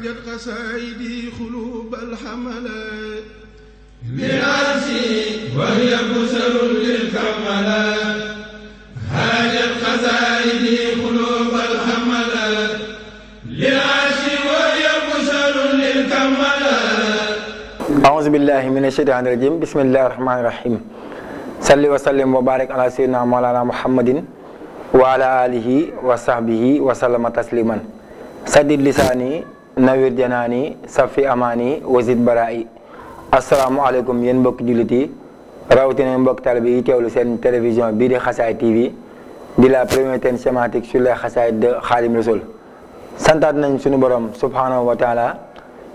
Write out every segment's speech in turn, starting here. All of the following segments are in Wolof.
أرجت قصائدي قلوب الحملات بنفسي وهي بشر للكملات هاجت قصائدي قلوب الحملات للعرش وهي بشر للكملات أعوذ بالله من الشيطان الرجيم بسم الله الرحمن الرحيم صلي وسلم وبارك على سيدنا مولانا محمد وعلى آله وصحبه وسلم تسليما سدد لساني nawir janaani safi amaani wasid baraa'i asalaamualeykum yéen mbokki jullit yi rawatina mbokk talib yi teewlu seen télévision bii di xasaay TV di la première chaîne sémantique sur les xasaay santaat nañ suñu borom subhanahu wa taala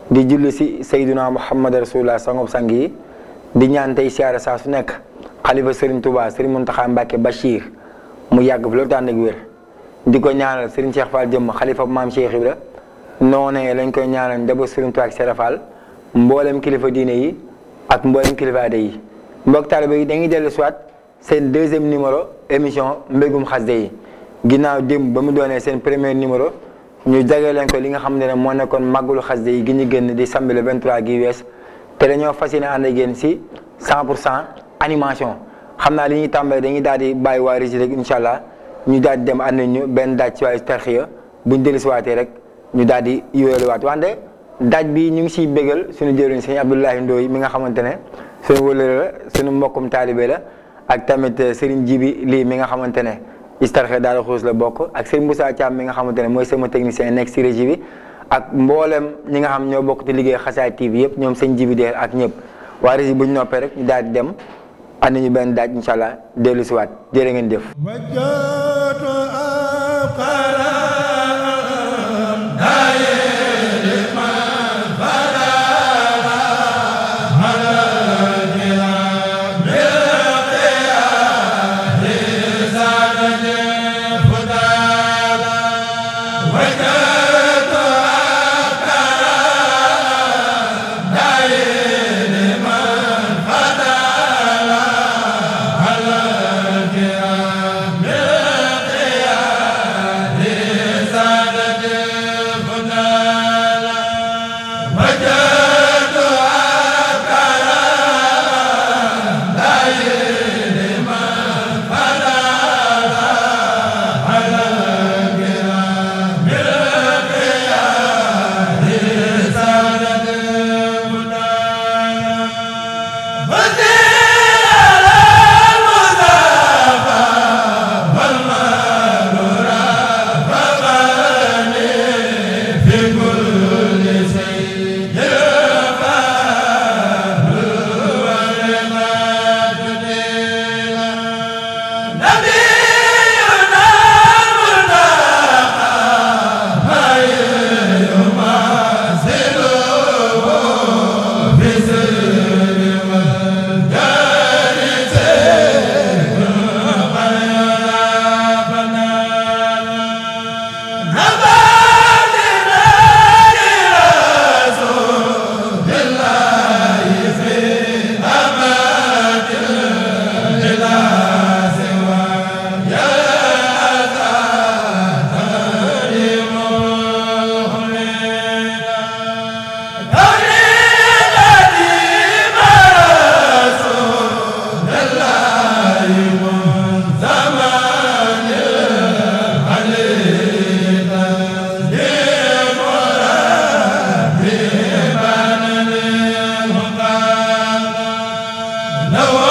di julli si sayduna muhammad rasulullah sangub sang yi di ñaan tey siyaara saa su nekk xalifa Serigne Touba Serigne Mountakha Mbacké Bachir mu yàgg fi loolu tànn di ko ñaanal Serigne Cheikh Fall jëmm xalifa maam Cheikh noonee lañ koy ñaanal njaboot Serigne Touba ak Serafal mbooleem kilifa diine yi ak mboolem kilifa aada yi mbokk taaliba yi dañuy dellu soit seen deuxième numéro émission mbégum xasida yi ginnaaw démb ba mu doonee seen premier numéro ñu jagee leen ko li nga xam ne moo nekkoon màggalu xasida yi gi ñu génn di samedi le 23 gi wees te dañoo fas yéene ànd ak si 100 cent animation xam naa li ñuy tàmbalee dañuy daal di bàyyi waa Régis rek incha allah ñu daal di dem ànd ñu benn daaj ci waayu tarxiya buñ dellu si rek. ñu daal di yooyaliwaat wante daaj bi ñu ngi siy bégal suñu jëriñ sëñ Abdoulahi Ndoye mi nga xamante ne suñu wëlëre suñu mbokkum taalibe la ak tamit eh, Serigne Jibi lii mi nga xamante ne istarxe daal xuus la bokk ak Serigne Moussa Thiam mi nga xamante ne mooy sama technicien nekk si régie bi ak mboolem ñi nga xam ñoo bokk ci liggéey Xasaay TV yëpp ñoom sëñ Jibi deel ak ñëpp waa régie bu ñu noppee rek ñu daal di dem ànd ñu benn daaj incha allah dellu siwaat jërë ngeen jëf na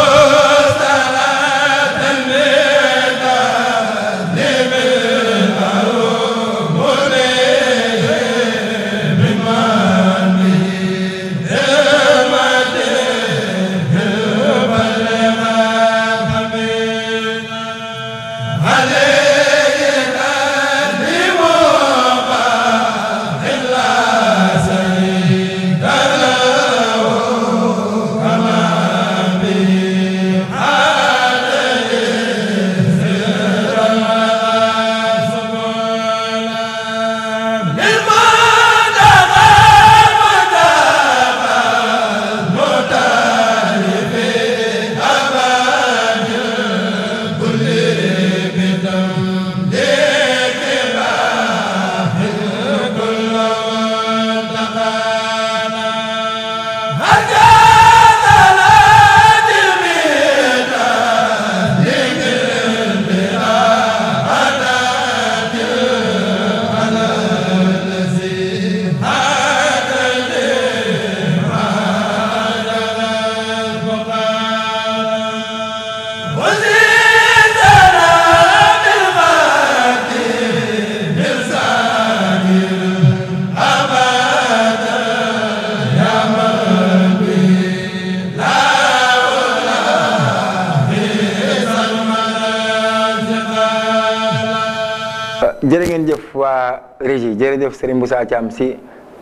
jërëjëf Serigne Moussa Thiam si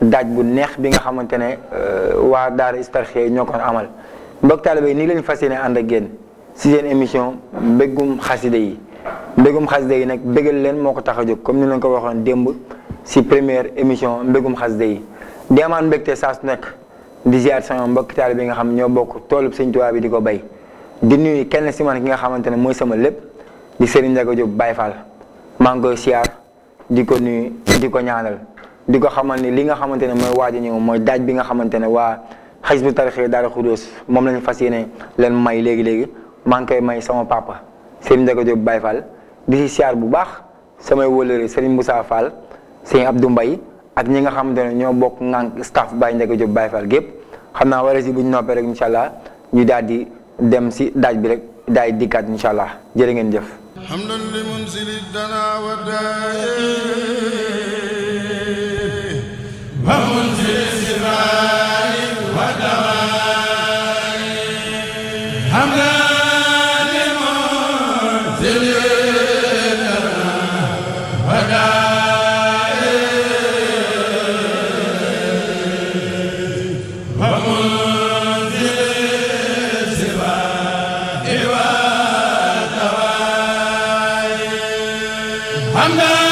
daaj bu neex bi nga xamante ne euh, waa daar Hizbut-Tarqiyyah ñoo ko amal mbokk taalibe yi nii lañu fas yéene ànd ak génn si seen émission mbégum xaside yi mbégum xaside yi nag bégal leen moo ko tax a jóg comme ni leen ko waxoon démb si première émission mbégum xaside yi di amaan mbégte saa nekk di ziar sama mbokk taalibe yi nga xam ñoo bokk toolub Sëñ Tuubaa bi di ko bay di nuyu kenn si man ki nga xamante ne mooy sama lépp di Serigne Ndiaga Diop Baye Fall maa ngi koy siyaar di ko nuyu di ko ñaanal di ko xamal ni li nga xamante ne mooy waaj a ñëw mooy daaj bi nga xamante ne waa Hizbut Tarqiyyah Daaru Xudoos moom lañu fas yéene leen may léegi léegi maa ngi koy may sama papa Serigne Ndaka Diop Baye Fall di si siyaar bu baax samay wëllëre Serigne Moussa Fall Serigne Abdou mbay ak ñi nga xamante ne ñoo bokk ngank staff Baye Ndaka Diop Baye Fall gépp xam naa wala si bu ñu noppee rek incha allah ñu daal di dem si daaj bi rek daay dikkaat incha allah jërë ngeen حمدا لمنزل الدنا والدائم Hamdan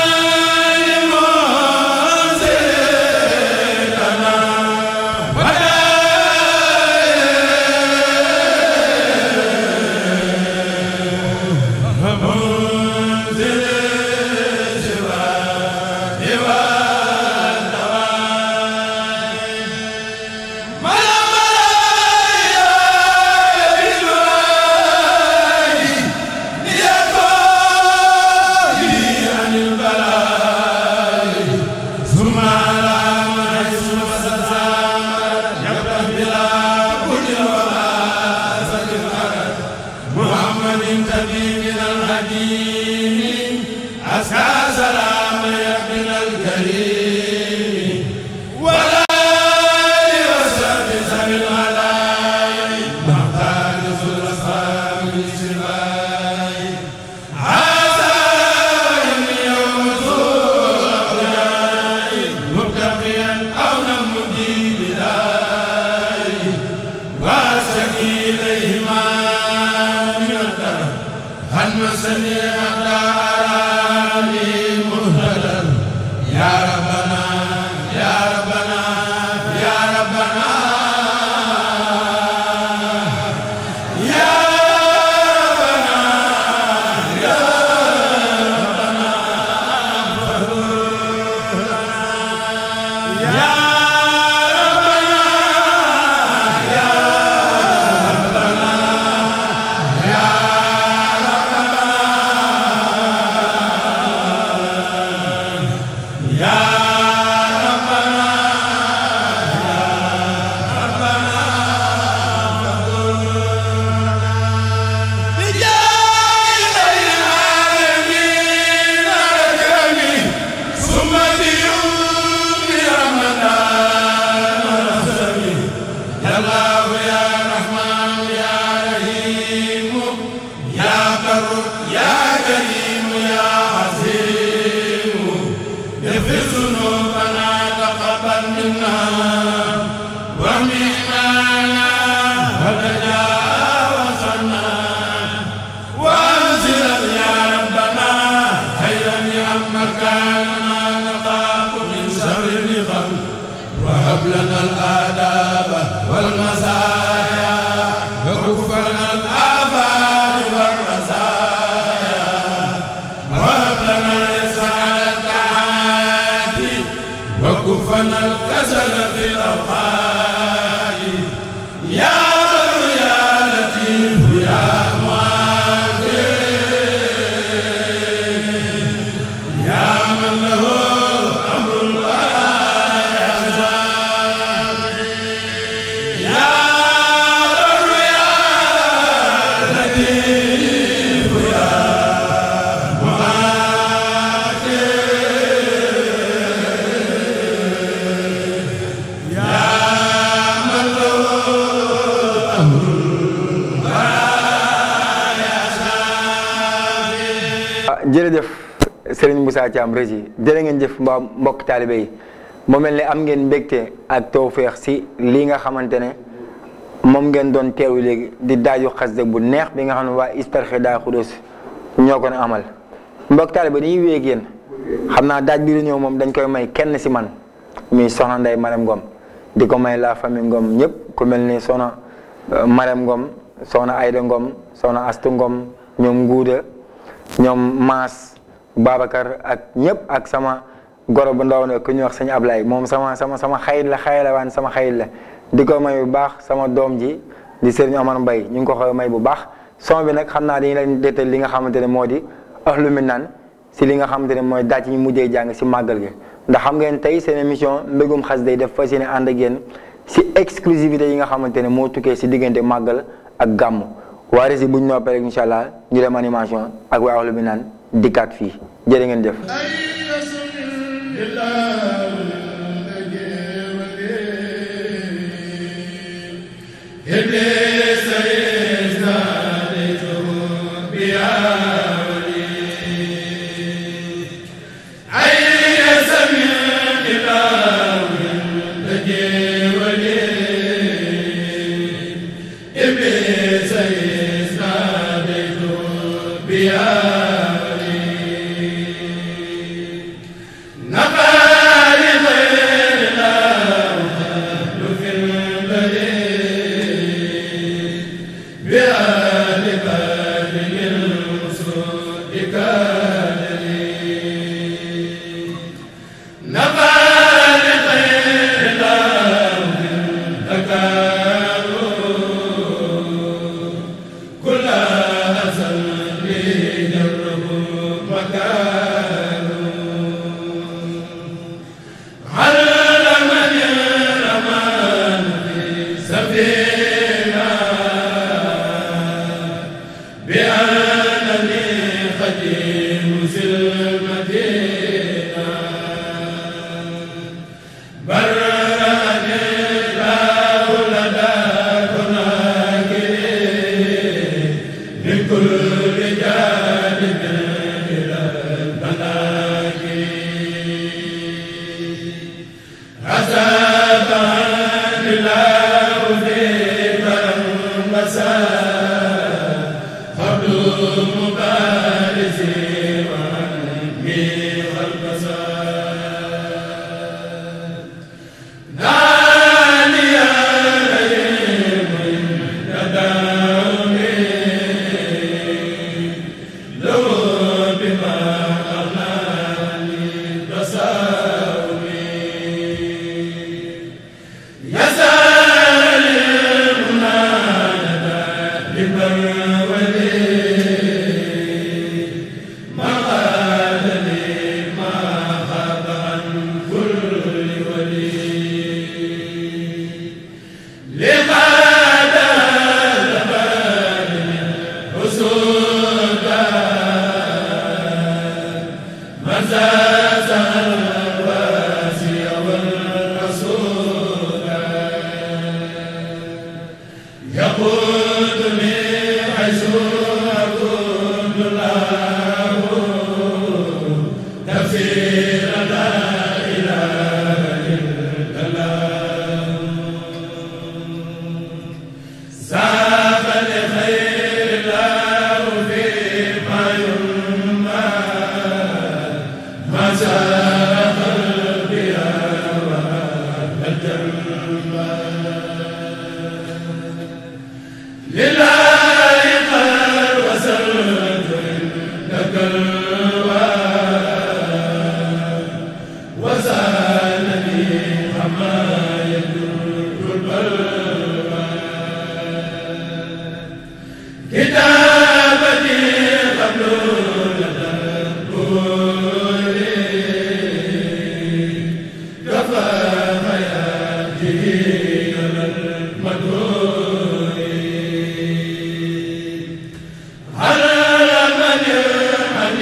Moussa Thiam Régis jërë ngeen jëf mbaa mbokk taalibe yi mu mel ne am ngeen mbégte ak feex si li nga xamante ne moom ngeen doon teewu léegi di daaju xasida bu neex bi nga xam ne waa Hizbut Tarqiyyah Xudoos ñoo ko amal mbokk taalibe dañuy wéeg yéen xam naa daaj bi di moom dañ koy may kenn si man muy soxna Ndeye Marème Ngom di ko may la famille Ngom ñëpp ku mel ni soxna euh, Marème Ngom soxna Ayda Ngom soxna Astu Ngom ñoom Nguuda ñoom Maas Babacar ak ñëpp ak sama goro bu ndaw na ku ñuy wax sëñ Ablaye moom sama sama sama xayit la xayila waan sama xayit la di ko may bu baax sama doom ji di sëriñ Omar Mbaye ñu ngi ko xooy may bu baax son bi nag xam naa dañu leen détal li nga xamante ne moo di ahlu minan si li nga xamante ne mooy daaj ñu mujjee jàng si màggal gi ndax xam ngeen tey seen émission mbégum xas day def fas yéene ànd ak yéen si exclusivité yi nga xamante ne moo tukkee si diggante màggal ak gàmm waaye si buñ noppee rek incha allah ñu dem animation ak waa ahlu minan dikkaat fii jërë ngeen jëf Amen. la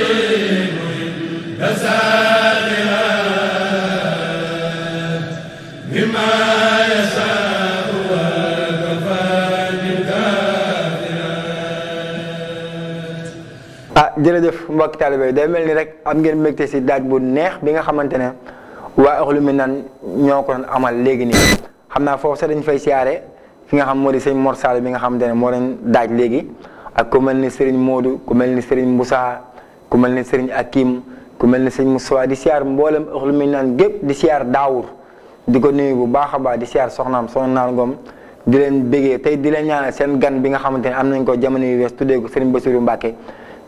Ah, jërëjëf mbokki taalibe yi day mel ni rek am ngeen mbégte si daaj bu neex bi nga xamante ne waa axlu mi naan ñoo ko doon amal léegi nii xam naa foofu sax dañ fay siyaare fi nga xam moo di sëñ Mor Sall bi nga xamante ne moo leen daaj léegi ak ku mel ni Serigne Modou ku mel ni Serigne Moussa ku mel ne sëriñ Akim ku mel ne sëñ Moussa di siyaar mboolem ëxlu mi naan gépp di siyaar daawur di ko nuyu bu baax a baax di siyaar soxnaam soxnaam Ngom di leen bégee tey di leen ñaanal seen gan bi nga xamante ne am nañ ko jamono yu wees tuddee ko sëriñ Bassirou Mbacke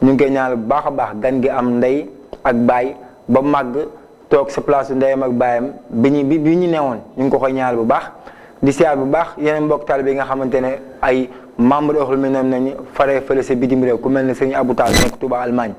ñu ngi koy ñaanal bu baax a baax gan gi am ndey ak baay ba màgg toog sa place ndeyam ak baayam bi ñu bi ñu newoon ñu ngi ko koy ñaanal bu baax di siyaar bu baax yeneen mbokk taal bi nga xamante ne ay membre ëxlu mi naan nañu faree fële sa bitim réew ku mel ne sëriñ Abou Tall nekk Touba Allemagne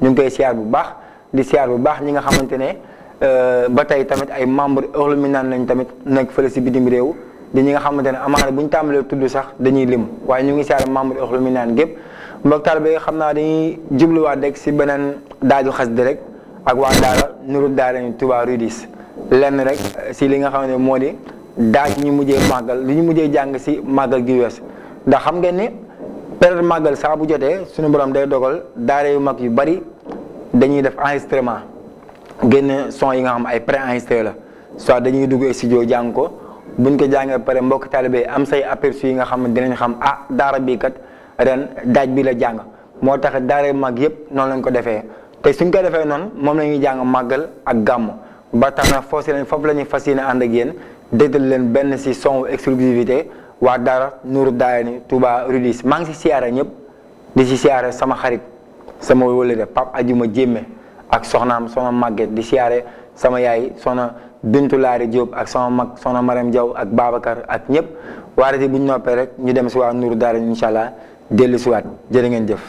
ñu ngi koy siyaar bu baax di siyaar bu baax ñi nga xamante ne euh, ba tey tamit ay membre Euhlou Minane lañ tamit nekk fële si bitim réew di ñi nga xamante ne amaana bu ñu tàmbalee tudd sax dañuy lim waaye ñu ngi siyaar membre Euhlou Minane gépp mbokk taal bi xam naa dañuy jubluwaat rek si beneen daaju xasida rek ak waa daara nuru daara ñu Touba Rudis lenn rek si euh, li nga xam ne moo di daaj ñu mujjee màggal li ñu mujjee jàng si màggal gi wees ndax xam ngeen ni période màggal saa bu jotee suñu borom day dogal daara yu mag yu bari dañuy def enregistrement génn son yi nga xam ay pré enregistré la soit dañuy dugg studio jàng ko buñ ko jàngee pare mbokk taalibe am say aperçu yi nga xam dinañ xam ah daara bii kat ren daaj bi la jàng moo tax daara yu mag yëpp noonu lañ ko defee te suñ ko defee noonu moom la ñuy jàng màggal ak gàmm ba tax na foofu lañ foofu la ñuy fas yéene ànd ak yéen dégtal leen benn si son exclusivité waa dara Nourou Daayani Touba Rudis maa ngi si siyaara ñëpp di si siyaare sama xarit sama wëllëre Pape Ajuma Jémme ak soxnaam soxna Maguette di siyaare sama yaay soxna Bintu Laari Diop ak sama mag soxna Marème Diaw ak Babacar ak ñëpp waarati bu noppee rek ñu dem si waa Nourou Daayani incha allah dellu si waat jërë ngeen jëf.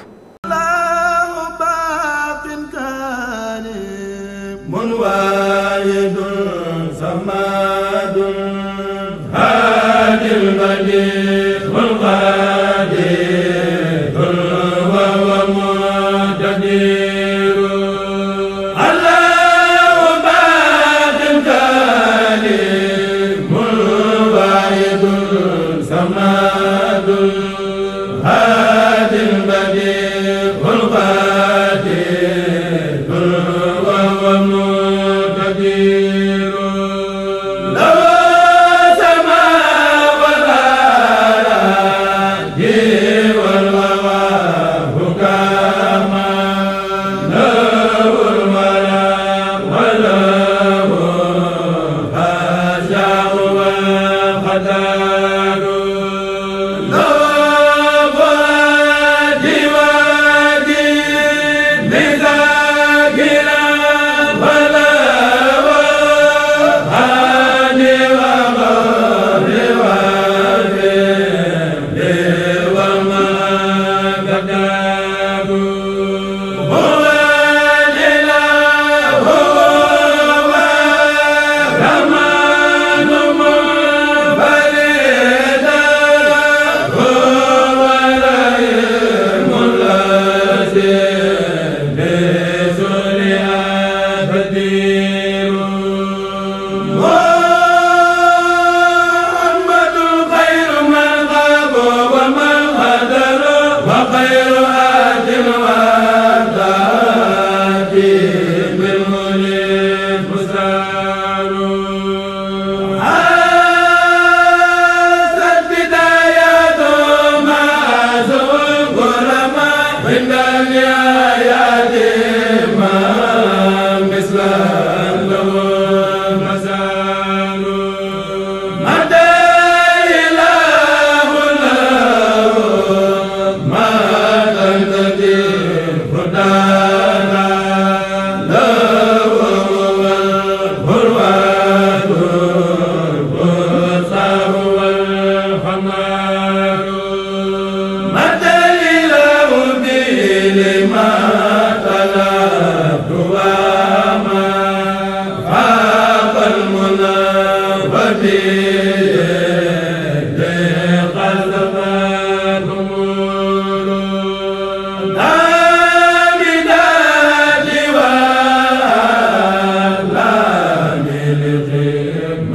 bu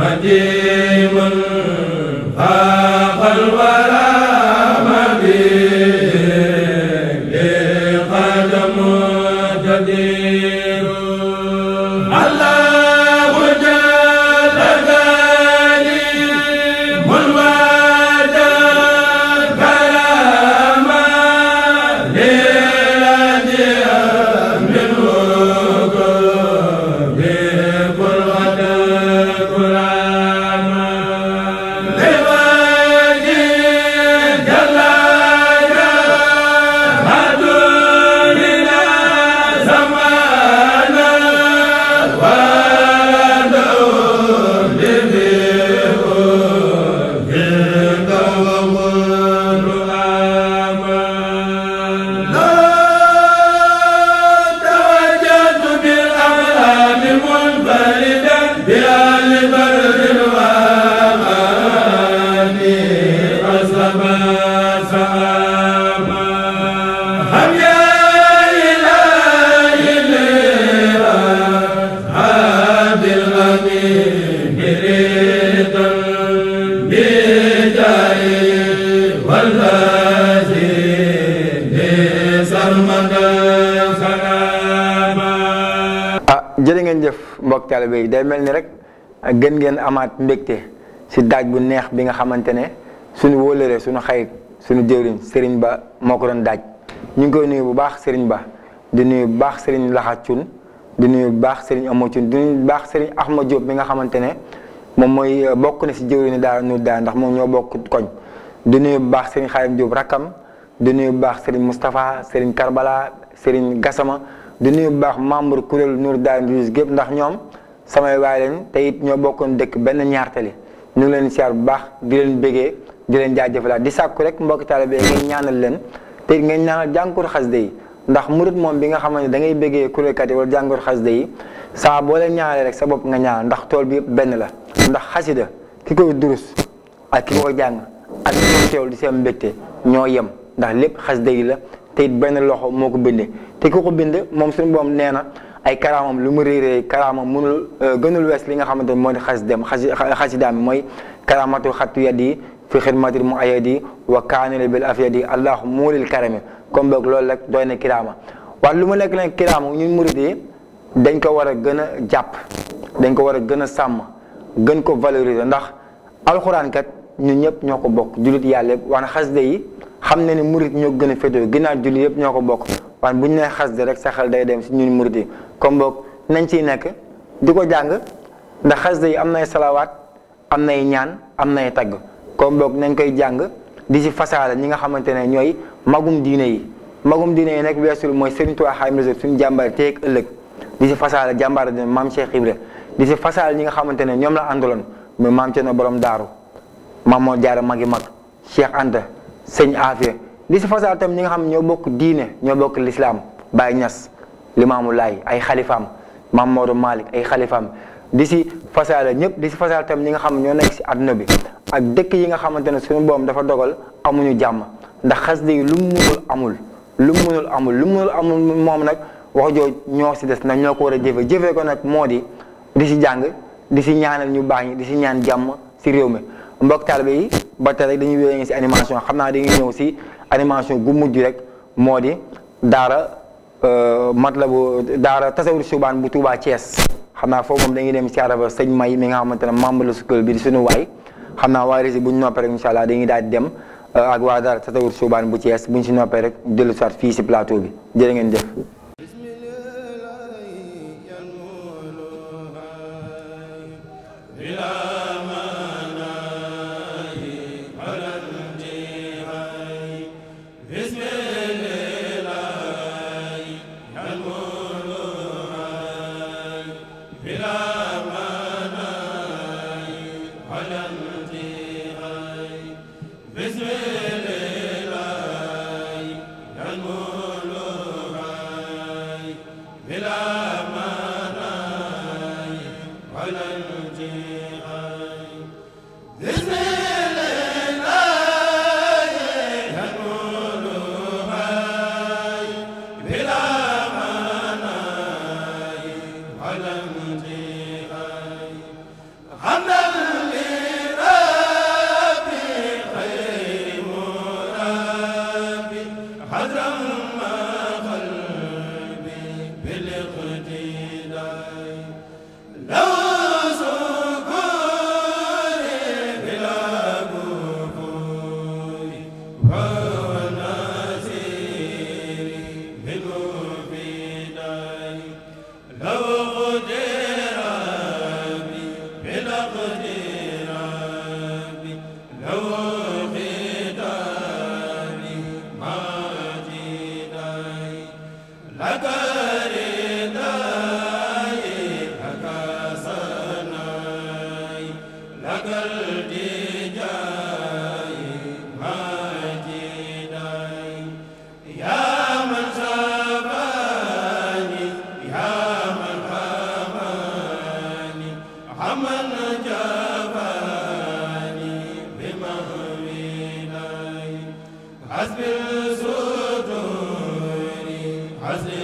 مديم gën ngeen amaat mbégte si daaj bu neex bi nga xamante ne suñu wóolëree suñu xarit suñu jëwriñ Serigne Ba moo ko doon daaj ñu ngi koy nuyu bu baax Serigne Ba di nuyu bu baax Serigne Laxa Cun di nuyu bu baax Serigne Amo Cun di nuyu bu baax Serigne Ahma nga xamante ne moom mooy euh, bokk na si jëwriñu daara nu daara ndax moom ñoo bokk koñ di nuyu bu baax Serigne Xaadim Diop rakkam di nuyu bu baax Serigne Moustapha Serigne Karbala Serigne gasama di nuyu bu baax membre kuréel Nour Daara Ndouise gépp ndax ñoom samay waay lañ te it ñoo bokkoon dëkk benn ñaartali ñu ngi leen siyaar bu baax di leen bégee di leen jaajëfalaat di sàkku rek mbokki taalibe ngeen ñaanal leen te it ngeen ñaanal jànkuwul xasida yi ndax murut moom bi nga xamante ne da ngay bégee kuréelkat yi wala jànkuwul xasida yi saa boo leen ñaanalee rek sa bopp nga ñaanal ndax tool bi benn la ndax xasida ki koy durus ak ki koy jàng ak ki koy teewlu di seen mbégte ñoo yem ndax lépp xasida yi la te it benn loxo moo ko bindee te ay karaamam lu mu réeree karaamam mënul euh, gënul wees li nga xamante ne mooy di xas dem xasi xasidaam mooy karaamatu xattu yadi fi xidmatil mu ayadi wa kaanule bil afyadi allahu muulil karami comme boog loolu rek doy na kiraama waaye lu mu nekk nag kiraama ñun murid yi dañ ko war a gën a jàpp dañ ko war a gën a sàmm gën ko valoriser ndax alxuraan ñun ñëpp ñoo ko bokk jullit yàlla yëpp wax na xasida yi xam na ni murid ñoo gën a féetoo ginnaaw jullit yëpp ñoo ko bokk waaye bu ñu nee xasida rek sa xel day dem si ñun murid yi comme boog nañ ciy nekk di ko jàng ndax xas yi am nay salawaat am nay ñaan am nay tagg kom boog nañ koy jàng di si fasaale ñi nga xamante ne ñooy magum diine yi magum diine yi nag weesul mooy Serigne Touba Xaadimu Rasuul suñu jàmbaar teeg ëllëg di si fasaale jàmbaar dina maam Cheikh Ibra di si fasaale ñi nga xamante ne ñoom la àndaloon muy maam Cerno borom daaru maam moo jaar magi mag Cheikh ànd sëñ Afia li si fasaal tam ñi nga xam ñoo bokk diine ñoo bokk lislaam Baye Niass Limaamu Laay ay xalifaam mam Maodo Malick ay xalifaam di si fasaale ñëpp di si fasaal tam ñi nga xam ñoo nekk si àdduna bi ak dëkk yi nga xamante ne suñu boom dafa dogal amuñu jàmm ndax xasida yi lu mu amul lu mu amul lu mu mënul amul moom nag wax joo ñoo si des nag ñoo ko war a jëfe jëfee ko nag moo di di si jàng di si ñaanal ñu baax ñi di si ñaan jàmm si réew mi mbokk taalibe yi ba tey rek dañuy wéy si xam naa dañuy si animation gu mujj rek moo di daara euh, matlabu daara tasawur subaan bu Touba cees xam naa foofu moom dañuy dem si araba sëñ May mi nga xamante ne membre la sukkul bi di suñu waay xam naa waa rési bu ñu noppee rek incha allah dañuy daal di dem euh, ak waa daara tasawur subaan bu cees bu ñu si noppee rek dellu si fii si plateau bi jërë ngeen jëf. hadram Aziz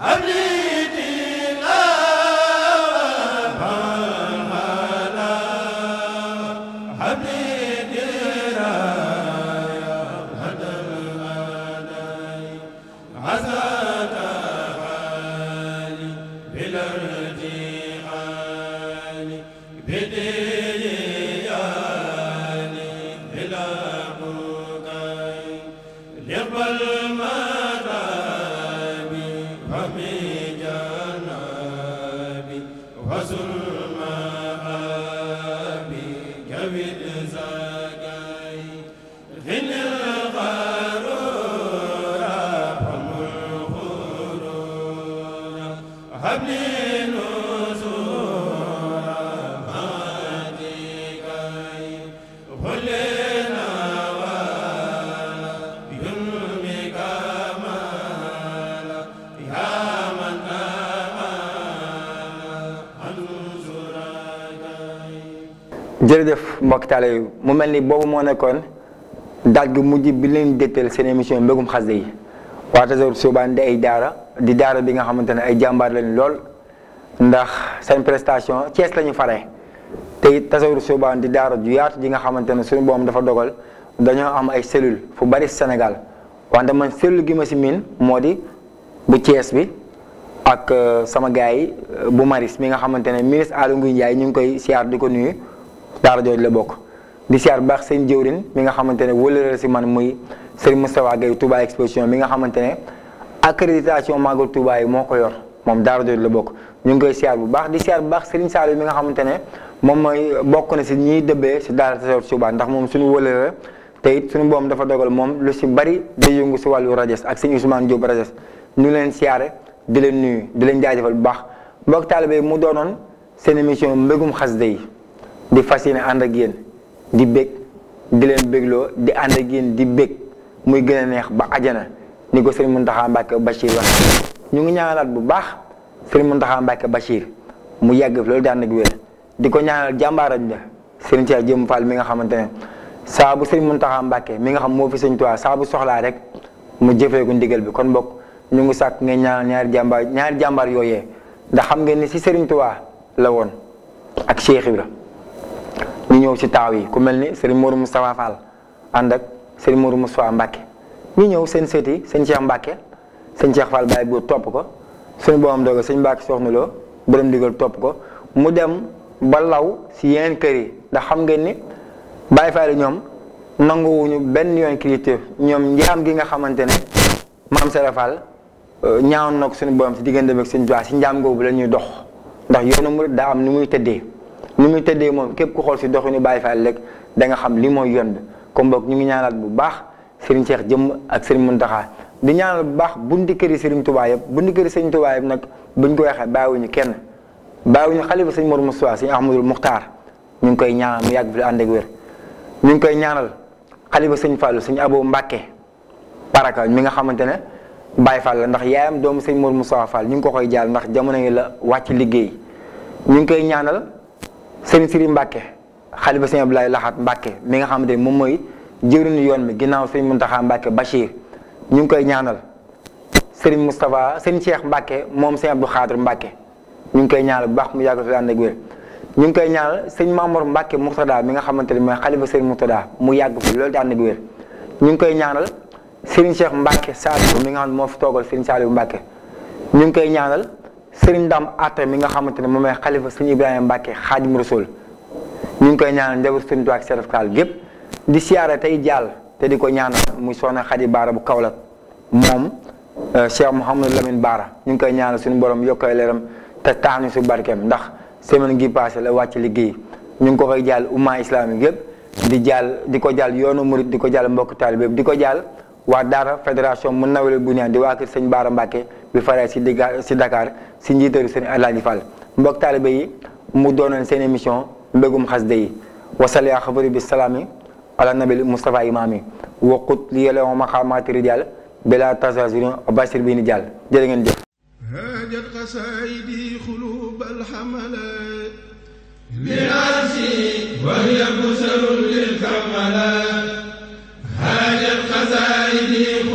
Amin jërëjëf mbokk taale yu mu mel ni boobu moo nekkoon daal gu mujj bi leen dégtal seen émission mbégum xasida yi waa Tasawudu Soubane di ay daara di daara bi nga xamante ne ay jàmbaar lañ lool ndax seen prestation Cees lañu fare faree te it Tasawudu Soubane di daara ju yaat ji nga xamante ne suñu boom dafa dogal dañoo am ay cellule fu bari Sénégal wante man cellule gi ma si miin moo di bu Cees bi ak euh, sama gars yi euh, bu Maris mi nga xamante ne ministre Aly Ngouille Ndiaye ñu ngi koy siyaar di ko nuyu. daara jooju la bokk di siyaar baax seen jëwrin mi nga xamante ne wëlëral si man muy sëñ Moustapha Gueye Touba exposition mi nga xamante ne accréditation Magal Touba yi moo ko yor moom daara jooju la bokk ñu ngi koy siyaar bu baax di siyaar bu baax Serigne Saliou mi nga xamante ne moom mooy bokk na si ñiy dëbbee si daara Tasawudu Touba ndax moom suñu wëlëral te suñu boom dafa dogal moom lu si bari day yëngu si wàllu rajas ak sëñ Ousmane Diop rajas ñu leen siyaare di leen nuyu di leen jaajëfal bu baax mbokk taalibe mu doonoon seen émission mbégum xas day di fas yéene ànd ak yéen di bég di leen bégloo di ànd ak génn di bég muy gën a neex ba ajana ni ko sëriñ Muntaxa Mbàkke Bachir wax ñu ngi ñaanalaat bu baax sëriñ Muntaxa Mbàkke Bachir mu yàgg loolu daan ak wér di ko ñaanal jàmbaaraj la sëriñ Cheikh Jëm Fall mi nga xamante ne saa bu sëriñ Muntaxa Mbàkke mi nga xam moo fi sëriñ Tuubaa saa bu soxlaa rek mu jëfee ko ndigal bi kon mbokk ñu ngi sàkk ngeen ñaar ñaari jàmbaar ñaari jàmbaar yooyee ndax xam ngeen ni si sëriñ Tuubaa la woon ak Cheikh Ibra ñëw ci taaw yi ku mel ni Serigne Modou Moustapha Fall ànd ak Serigne Modou Moustapha Mbacke ñu ñëw seen sët yi sëñ Cheikh Mbacke sëñ Cheikh Fall Baye Góor topp ko suñu boobam doog sëñ Mbacke soxna loo borom ndigal topp ko mu dem ba law si yeneen kër yi ndax xam nga ni Baye Fall ñoom nanguwuñu benn yoon kilifteef ñoom njaam gi nga xamante ne maam Serap Fall euh, ñaawoon na ko suñu boobam si diggante beeg suñu joie si njaam googu la ñuy dox ndax yoonu murid daa am ni muy tëddee. ni muy tëddee moom képp ku xool si doxinu Baye Fall rek da nga xam li mooy yoon bi comme boog ñu ngi ñaanal bu baax Serigne seex jëmm ak sëriñ Serigne Mountakha di ñaanal bu baax bunti këri Serigne Touba yëpp bunti këri Serigne Touba yëpp nag buñ ko waxee bàyyiwuñu kenn bàyyiwuñu xalifa Serigne Mor Moustapha Serigne Ahmadul Muxtaar ñu ngi koy ñaanal mu yàgg fi ànd ak wér ñu ngi koy ñaanal xalifa Serigne Fallou Serigne Abo Mbacke baraka mi nga xamante ne Baye Fall la ndax yaayam doomu Serigne Mor Moustapha Fall ñu ngi ko koy jaal ndax jamono yi la wà liggéey sëriñ Siri Mbacke xalifa sëriñ Abdoulaye laxaat Mbacke mi nga xamante ni moom mooy jëriñu yoon mi ginnaaw sëriñ Mountakha Mbacke Bachir ñu ngi koy ñaanal sëriñ Moustapha sëriñ Cheikh Mbacke moom seen Abdou Khadre Mbacke ñu ngi koy ñaanal bu baax mu yàgg fi ñu ngi koy ñaanal sëriñ Mamour Mbacke Mouxtada mi nga xamante ni mooy xalifa sëriñ Mouxtada mu yàgg fi loolu di ànd ak ñu ngi koy ñaanal sëriñ Cheikh Mbacke Saliou mi nga xam ne moo fi toogal sëriñ Saliou Mbacke ñu ngi koy ñaanal sëriñ Dame Atta mi nga xamante ne moom mooy xalifa sëriñ Ibrahima Mbacke xaadimu rasul ñu ngi koy ñaanal njabootu sëriñ Tuubaa ak Serap Taal gépp di siyaare tey jàll te di ko ñaanal muy soxna Xadi Baara bu Kaolack moom euh, Cheikh Mouhamadou Lamine Baara ñu ngi koy ñaanal suñu borom yokkoo leeram te tax ñu su barkeem ndax semaine gi passé la wàcc liggéey ñu ngi ko koy jàll umma islamique yëpp di jàll di ko jàll yoonu murit di ko jàll mbokk taalibe yëpp di ko jàll waa daara fédération mu nawle buniyaan di waa kër sëñ bi faree si diga si njiitaru sëñ Alaaji mbokk taalibe mu doonoon seen émission mbégum xasida yi wasali xabari bi salaami ala nabil Moustapha imaami waqut li yelewo maqaamaati rijaal bila tasasuri basir bi ni jàll jërë ngeen jëf هاجت قصائدي قلوب الحملات لراسي وهي بسر للكملات تاج القصائد